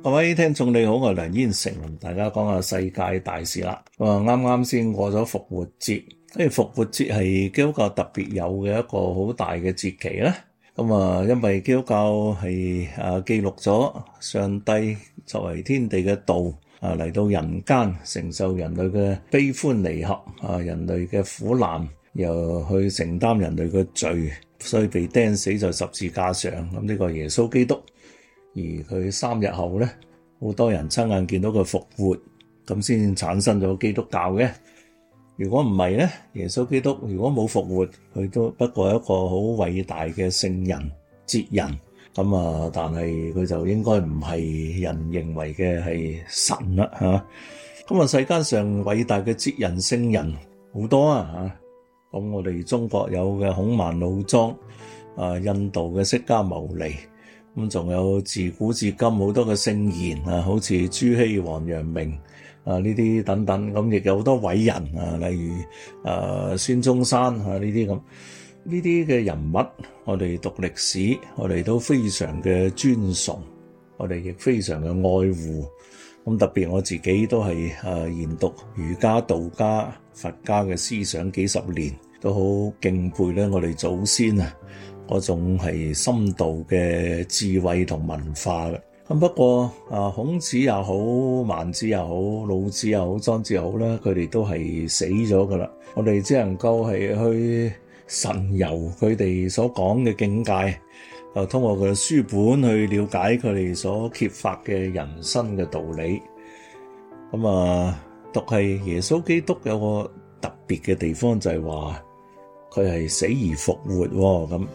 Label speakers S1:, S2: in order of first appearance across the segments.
S1: 各位聽眾你好，我係梁燕成，同大家講下世界大事啦。咁啊，啱啱先過咗復活節，因為復活節係基督教特別有嘅一個好大嘅節期呢。咁啊，因為基督教係啊記錄咗上帝作為天地嘅道啊嚟到人間承受人類嘅悲歡離合啊，人類嘅苦難，又去承擔人類嘅罪，所以被釘死在十字架上。咁、這、呢個耶穌基督。而佢三日後咧，好多人親眼見到佢復活，咁先產生咗基督教嘅。如果唔係咧，耶穌基督如果冇復活，佢都不過一個好偉大嘅聖人、哲人。咁啊，但係佢就應該唔係人認為嘅係神啦，吓。咁啊，世界上偉大嘅哲人、聖人好多啊，吓。咁我哋中國有嘅孔孟老莊，啊，印度嘅釋迦牟尼。咁仲有自古至今好多嘅聖賢啊，好似朱熹、王陽明啊呢啲等等，咁亦有好多偉人啊，例如誒孫中山啊呢啲咁，呢啲嘅人物，我哋讀歷史，我哋都非常嘅尊崇，我哋亦非常嘅愛護。咁特別我自己都係誒研讀儒家、道家、佛家嘅思想幾十年，都好敬佩咧我哋祖先啊！嗰種係深度嘅智慧同文化嘅，咁，不過啊，孔子又好，孟子又好，老子又好，莊子又好啦，佢哋都係死咗噶啦。我哋只能夠係去神遊佢哋所講嘅境界，又通過佢嘅書本去了解佢哋所揭發嘅人生嘅道理。咁啊，讀係耶穌基督有個特別嘅地方就係話，佢係死而復活咁。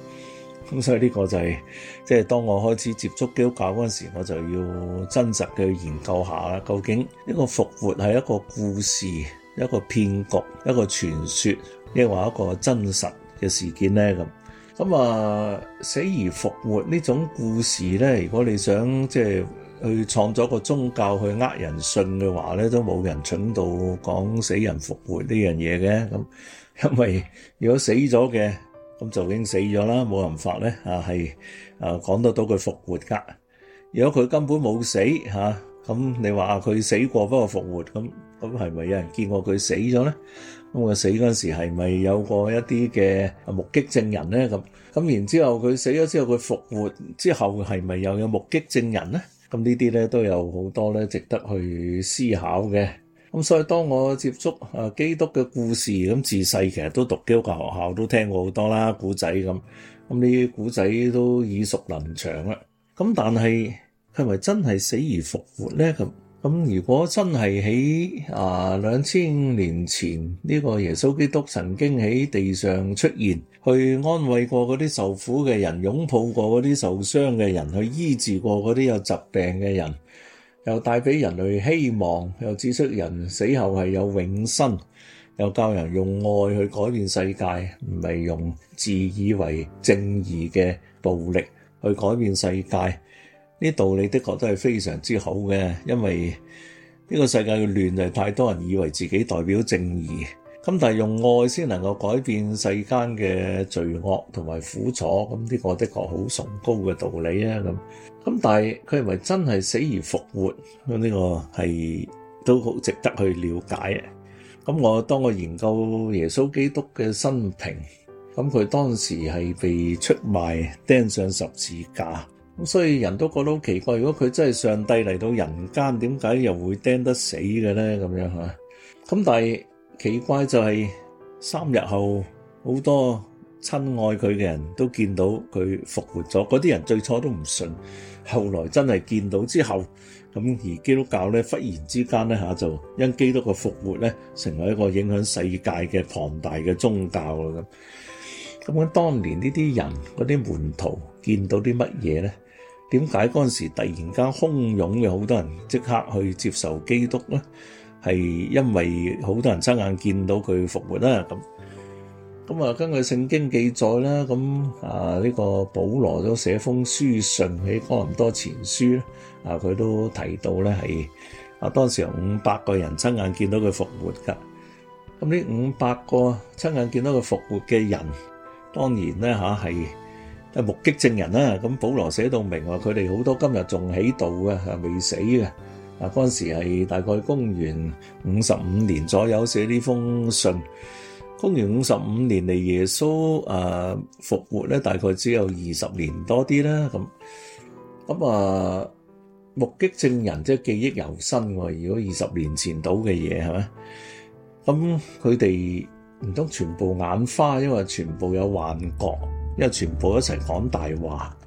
S1: 咁所以呢個就係，是，即係當我開始接觸基督教嗰陣時，我就要真實嘅研究一下啦，究竟呢個復活係一個故事，一個騙局，一個傳說，亦或者一個真實嘅事件呢？咁咁啊，死而復活呢種故事呢，如果你想即係去創作個宗教去呃人信嘅話呢，都冇人蠢到講死人復活呢樣嘢嘅咁，因為如果死咗嘅，咁就已經死咗啦，冇人發咧啊，係啊講得到佢復活㗎。如果佢根本冇死嚇，咁你話佢死過不過復活，咁咁係咪有人見過佢死咗咧？咁佢死嗰陣時係咪有過一啲嘅目擊證人咧？咁咁然之後佢死咗之後佢復活之後係咪又有目擊證人咧？咁呢啲咧都有好多咧值得去思考嘅。咁所以，當我接觸啊基督嘅故事，咁自細其實都讀基督教學校都聽過好多啦，古仔咁，咁呢啲古仔都耳熟能詳啦。咁但係係咪真係死而復活咧？咁咁如果真係喺啊兩千年前呢個耶穌基督曾經喺地上出現，去安慰過嗰啲受苦嘅人，擁抱過嗰啲受傷嘅人，去醫治過嗰啲有疾病嘅人。又帶給人類希望，又指出人死後係有永生，又教人用愛去改變世界，唔係用自以為正義嘅暴力去改變世界。呢道理的確都係非常之好嘅，因為呢個世界嘅亂就係太多人以為自己代表正義。咁但係用愛先能夠改變世間嘅罪惡同埋苦楚，咁呢個的確好崇高嘅道理啊！咁咁但係佢係咪真係死而復活？咁呢個係都好值得去了解嘅。咁我當我研究耶穌基督嘅生平，咁佢當時係被出賣釘上十字架，咁所以人都覺得好奇怪，如果佢真係上帝嚟到人間，點解又會釘得死嘅咧？咁樣嚇，咁但係。奇怪就係、是、三日後，好多親愛佢嘅人都見到佢復活咗。嗰啲人最初都唔信，後來真係見到之後，咁而基督教咧忽然之間咧吓就因基督嘅復活咧，成為一個影響世界嘅龐大嘅宗教啦。咁咁當年呢啲人嗰啲門徒見到啲乜嘢咧？點解嗰陣時突然間洶湧嘅好多人即刻去接受基督咧？係因為好多人親眼見到佢復活啦，咁咁啊，根據聖經記載啦，咁啊呢個保羅都寫封書信喺哥林多前書，啊佢都提到咧，係啊當時有五百個人親眼見到佢復活噶，咁呢五百個親眼見到佢復活嘅人，當然咧吓係係目擊證人啦，咁保羅寫到明話佢哋好多今日仲喺度啊，未死嘅。啊！嗰陣時係大概公元五十五年左右寫呢封信。公元五十五年嚟耶穌啊復活咧，大概只有二十年多啲啦。咁咁啊目擊證人即係記憶猶新喎！如果二十年前到嘅嘢係咪？咁佢哋唔通全部眼花，因為全部有幻覺，因為全部一齊講大話。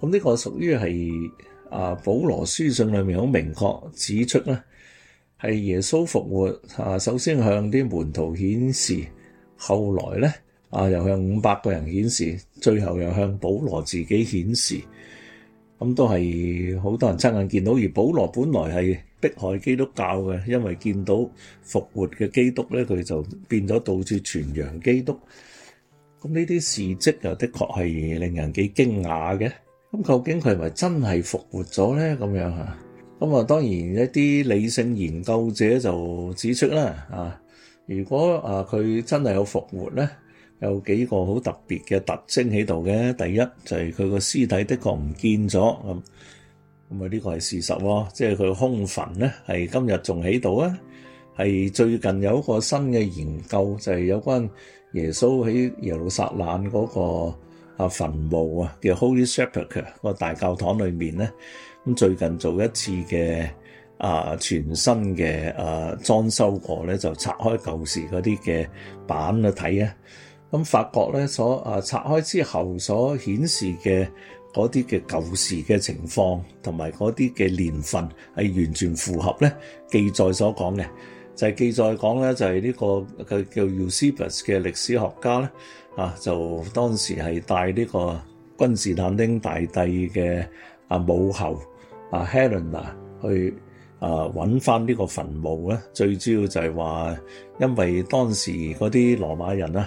S1: 咁呢個屬於係。啊，保羅書信裏面好明確指出咧，係耶穌復活啊，首先向啲門徒顯示，後來咧啊，又向五百個人顯示，最後又向保羅自己顯示，咁、啊、都係好多人親眼見到。而保羅本來係迫害基督教嘅，因為見到復活嘅基督咧，佢就變咗到處傳揚基督。咁呢啲事蹟又的確係令人幾驚訝嘅。咁究竟佢係咪真係復活咗咧？咁樣吓，咁啊當然一啲理性研究者就指出啦，啊，如果啊佢真係有復活咧，有幾個好特別嘅特徵喺度嘅。第一就係佢個屍體的確唔見咗，咁咁啊呢個係事實，即係佢空墳咧係今日仲喺度啊，係最近有一個新嘅研究就係有關耶穌喺耶路撒冷嗰個。啊，墳墓啊，叫 Holy Shepherd 個大教堂裏面咧，咁最近做一次嘅啊全新嘅啊裝修過咧，就拆開舊時嗰啲嘅板去睇啊，咁發覺咧所啊拆開之後所顯示嘅嗰啲嘅舊時嘅情況同埋嗰啲嘅年份係完全符合咧記載所講嘅，就係、是、記載講咧就係、是、呢、這個佢叫 Eusebius 嘅歷史學家咧。啊、就當時係帶呢個君士坦丁大帝嘅啊母后啊 Helena 啊去啊揾返呢個墳墓咧，最主要就係話，因為當時嗰啲羅馬人咧、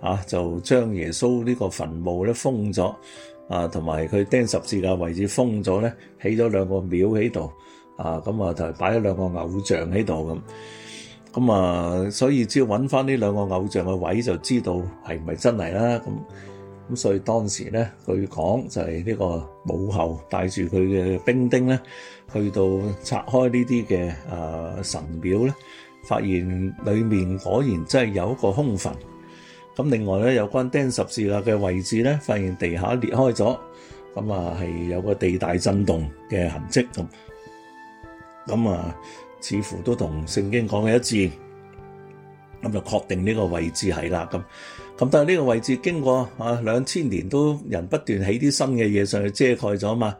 S1: 啊，啊就將耶穌呢個墳墓咧封咗，啊同埋佢釘十字架位置封咗咧，起咗兩個廟喺度，啊咁啊就係擺咗兩個偶像喺度咁。咁啊，所以只要揾翻呢兩個偶像嘅位，就知道係唔係真係啦。咁咁，所以當時咧，佢講就係呢個母后帶住佢嘅兵丁咧，去到拆開呢啲嘅啊神廟咧，發現裡面果然真係有一個空墳。咁另外咧，有關釘十字架嘅位置咧，發現地下裂開咗。咁啊，係有個地大震動嘅痕跡咁。咁啊。似乎都同聖經講嘅一致，咁就確定呢個位置係啦。咁咁，但係呢個位置經過啊兩千年都，人不斷起啲新嘅嘢上去遮蓋咗嘛。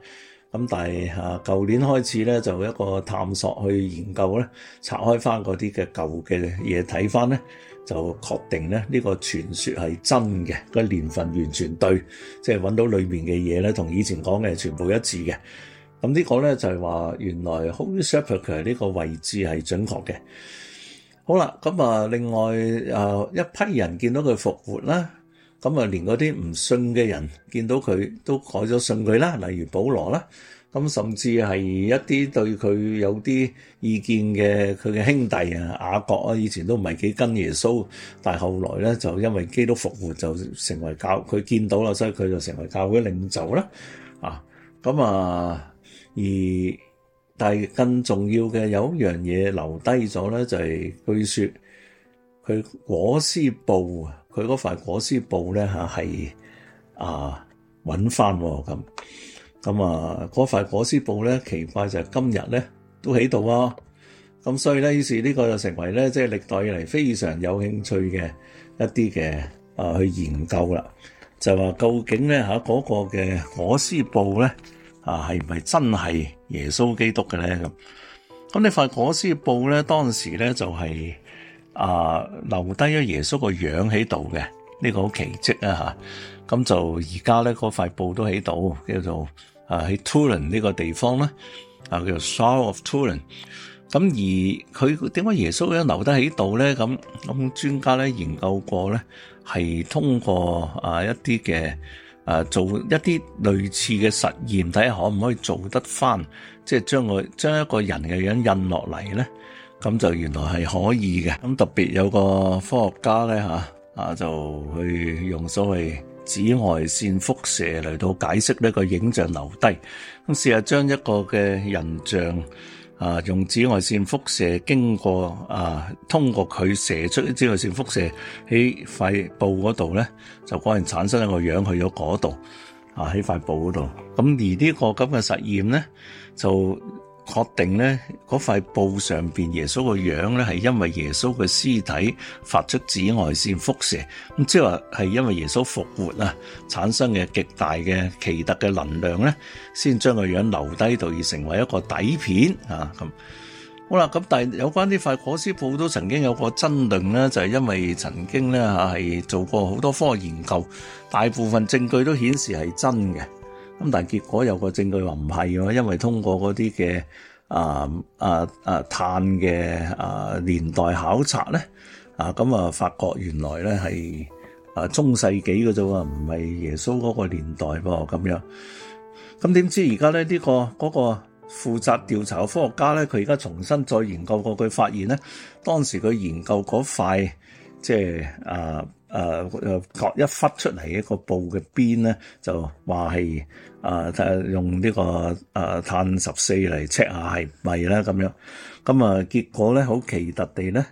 S1: 咁但係啊舊年開始咧，就一個探索去研究咧，拆開返嗰啲嘅舊嘅嘢睇返咧，就確定咧呢、這個傳說係真嘅，個年份完全對，即係揾到裏面嘅嘢咧同以前講嘅全部一致嘅。咁呢個咧就係話，原來 Holy Sepulchre 呢個位置係準確嘅。好啦，咁啊，另外啊，一批人見到佢復活啦，咁啊，連嗰啲唔信嘅人見到佢都改咗信佢啦，例如保羅啦，咁甚至係一啲對佢有啲意見嘅佢嘅兄弟啊，雅各啊，以前都唔係幾跟耶穌，但係後來咧就因為基督復活就成為教佢見到啦，所以佢就成為教會領袖啦。啊，咁啊～而但係更重要嘅有一樣嘢留低咗咧，就係據說佢裹屍布，佢嗰塊裹屍布咧嚇係啊，揾翻喎，咁咁啊，嗰塊裹屍布咧奇怪就係今日咧都喺度啊，咁所以咧於是呢個就成為咧即係歷代以嚟非常有興趣嘅一啲嘅啊去研究啦，就話究竟咧嚇嗰個嘅裹屍布咧？啊，係唔係真係耶穌基督嘅咧？咁咁呢塊裹屍布咧，當時咧就係啊留低咗耶穌個樣喺度嘅，呢個好奇蹟啊！嚇咁、這個啊、就而家咧嗰塊布都喺度，叫做啊喺 Turin 呢個地方咧，啊叫 Shroud of Turin。咁而佢點解耶穌咧留得喺度咧？咁咁專家咧研究過咧，係通過啊一啲嘅。誒做一啲類似嘅實驗，睇下可唔可以做得返，即係將個將一個人嘅樣印落嚟咧，咁就原來係可以嘅。咁特別有個科學家咧嚇，啊，啊就去用所謂紫外線輻射嚟到解釋呢個影像留低，咁試下將一個嘅人像。啊！用紫外線輻射經過啊，通過佢射出啲紫外線輻射喺塊布嗰度咧，就可能產生一個樣去咗嗰度啊喺塊布嗰度。咁而呢個咁嘅實驗咧就。確定咧嗰塊布上邊耶穌個樣咧係因為耶穌嘅屍體發出紫外線輻射，咁即係話係因為耶穌復活啊產生嘅極大嘅奇特嘅能量咧，先將個樣留低度而成為一個底片啊，咁好啦，咁但係有關呢塊裹屍布都曾經有個爭論咧，就係、是、因為曾經咧係做過好多科學研究，大部分證據都顯示係真嘅。咁但係結果有個證據話唔係嘅，因為通過嗰啲嘅啊啊啊碳嘅啊年代考察咧，啊咁啊發覺原來咧係啊中世紀嘅啫喎，唔係耶穌嗰個年代噃咁、啊、樣。咁、啊、點知而家咧呢、這個嗰、那個負責調查科學家咧，佢而家重新再研究過，佢發現咧當時佢研究嗰塊即係啊。誒誒，割一忽出嚟一個布嘅邊咧，就話係誒用呢個誒碳十四嚟 check 下係咪啦咁樣。咁啊，結果咧好奇特地咧，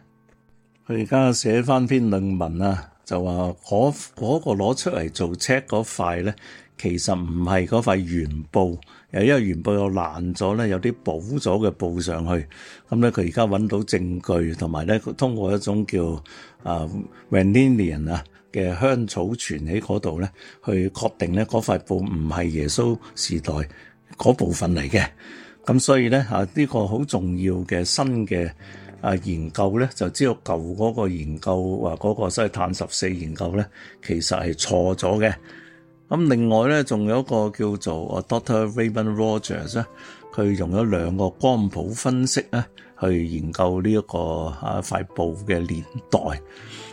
S1: 佢而家寫翻篇論文啊，就話嗰嗰個攞出嚟做 check 嗰塊咧。其實唔係嗰塊原布，因為原布又爛咗咧，有啲補咗嘅布上去。咁咧佢而家揾到證據，同埋咧佢通過一種叫啊 v a n i l i a n 啊嘅香草傳喺嗰度咧，去確定咧嗰塊布唔係耶穌時代嗰部分嚟嘅。咁所以咧呢、呢個好重要嘅新嘅啊研究咧，就知道舊嗰個研究話嗰個係碳十四研究咧，其實係錯咗嘅。咁另外咧，仲有一個叫做啊 Doctor Raymond Rogers 咧，佢用咗兩個光譜分析咧，去研究呢一個啊塊布嘅年代。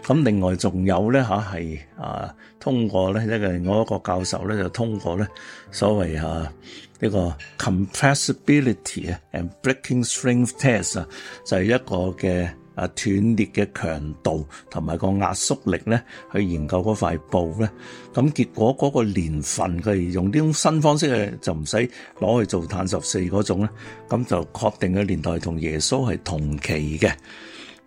S1: 咁另外仲有咧嚇係啊，通過咧一個另外一個教授咧，就通過咧所謂啊呢個 compressibility 啊 and breaking strength test 啊，就係一個嘅。啊！斷裂嘅強度同埋個壓縮力咧，去研究嗰塊布咧，咁結果嗰個年份佢用呢種新方式咧，就唔使攞去做碳十四嗰種咧，咁就確定嘅年代同耶穌係同期嘅。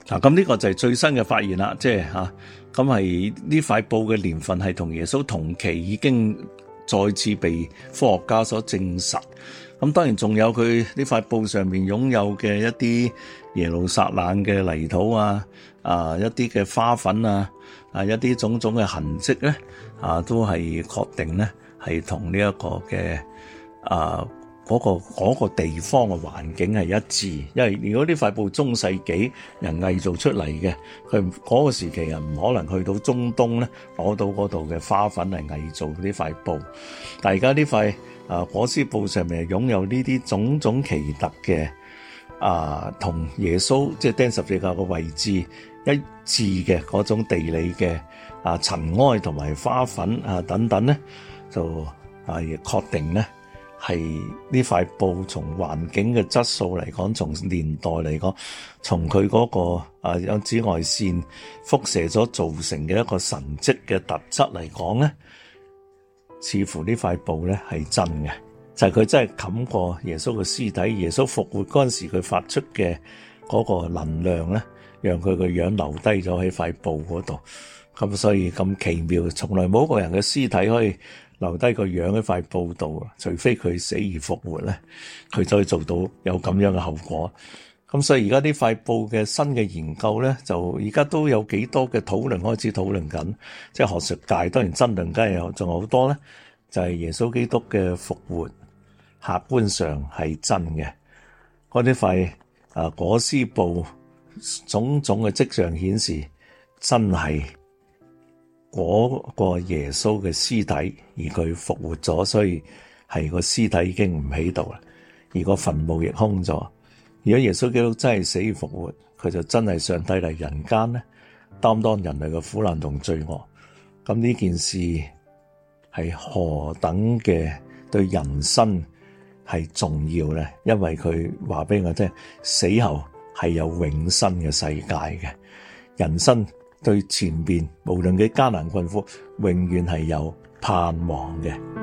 S1: 嗱、啊，咁呢個就係最新嘅發現啦，即係嚇，咁係呢塊布嘅年份係同耶穌同期，已經再次被科學家所證實。咁、啊、當然仲有佢呢塊布上面擁有嘅一啲。耶路撒冷嘅泥土啊，啊一啲嘅花粉啊，啊一啲種種嘅痕跡咧，啊都係確定咧，係同呢一個嘅啊嗰個嗰個地方嘅環境係一致。因為如果呢塊布中世紀人偽造出嚟嘅，佢嗰個時期啊唔可能去到中東咧攞到嗰度嘅花粉嚟偽造呢塊布。但係而家呢塊啊裹屍布上面擁有呢啲種種奇特嘅。啊，同耶穌即係釘十字架嘅位置一致嘅嗰種地理嘅啊塵埃同埋花粉啊等等咧，就係確定咧，係呢塊布從環境嘅質素嚟講，從年代嚟講，從佢嗰個啊有紫外線輻射咗造成嘅一個神跡嘅特質嚟講咧，似乎呢塊布咧係真嘅。就係、是、佢真係冚過耶穌嘅屍體，耶穌復活嗰陣時，佢發出嘅嗰個能量咧，讓佢個樣留低咗喺塊布嗰度。咁所以咁奇妙，從來冇一個人嘅屍體可以留低個樣喺塊布度，除非佢死而復活咧，佢就可以做到有咁樣嘅後果。咁所以而家呢塊布嘅新嘅研究咧，就而家都有幾多嘅討論開始討論緊，即係學術界當然真梗家係有仲好多咧，就係、是、耶穌基督嘅復活。客觀上係真嘅，嗰啲肺啊、裹屍布、種種嘅跡象顯示，真係嗰個耶穌嘅屍體，而佢復活咗，所以係個屍體已經唔喺度啦，而個墳墓亦空咗。如果耶穌基督真係死而復活，佢就真係上帝嚟人間咧，擔當人類嘅苦難同罪惡。咁呢件事係何等嘅對人生？係重要咧，因為佢話俾我聽，死後係有永生嘅世界嘅。人生對前邊，無論幾艱難困苦，永遠係有盼望嘅。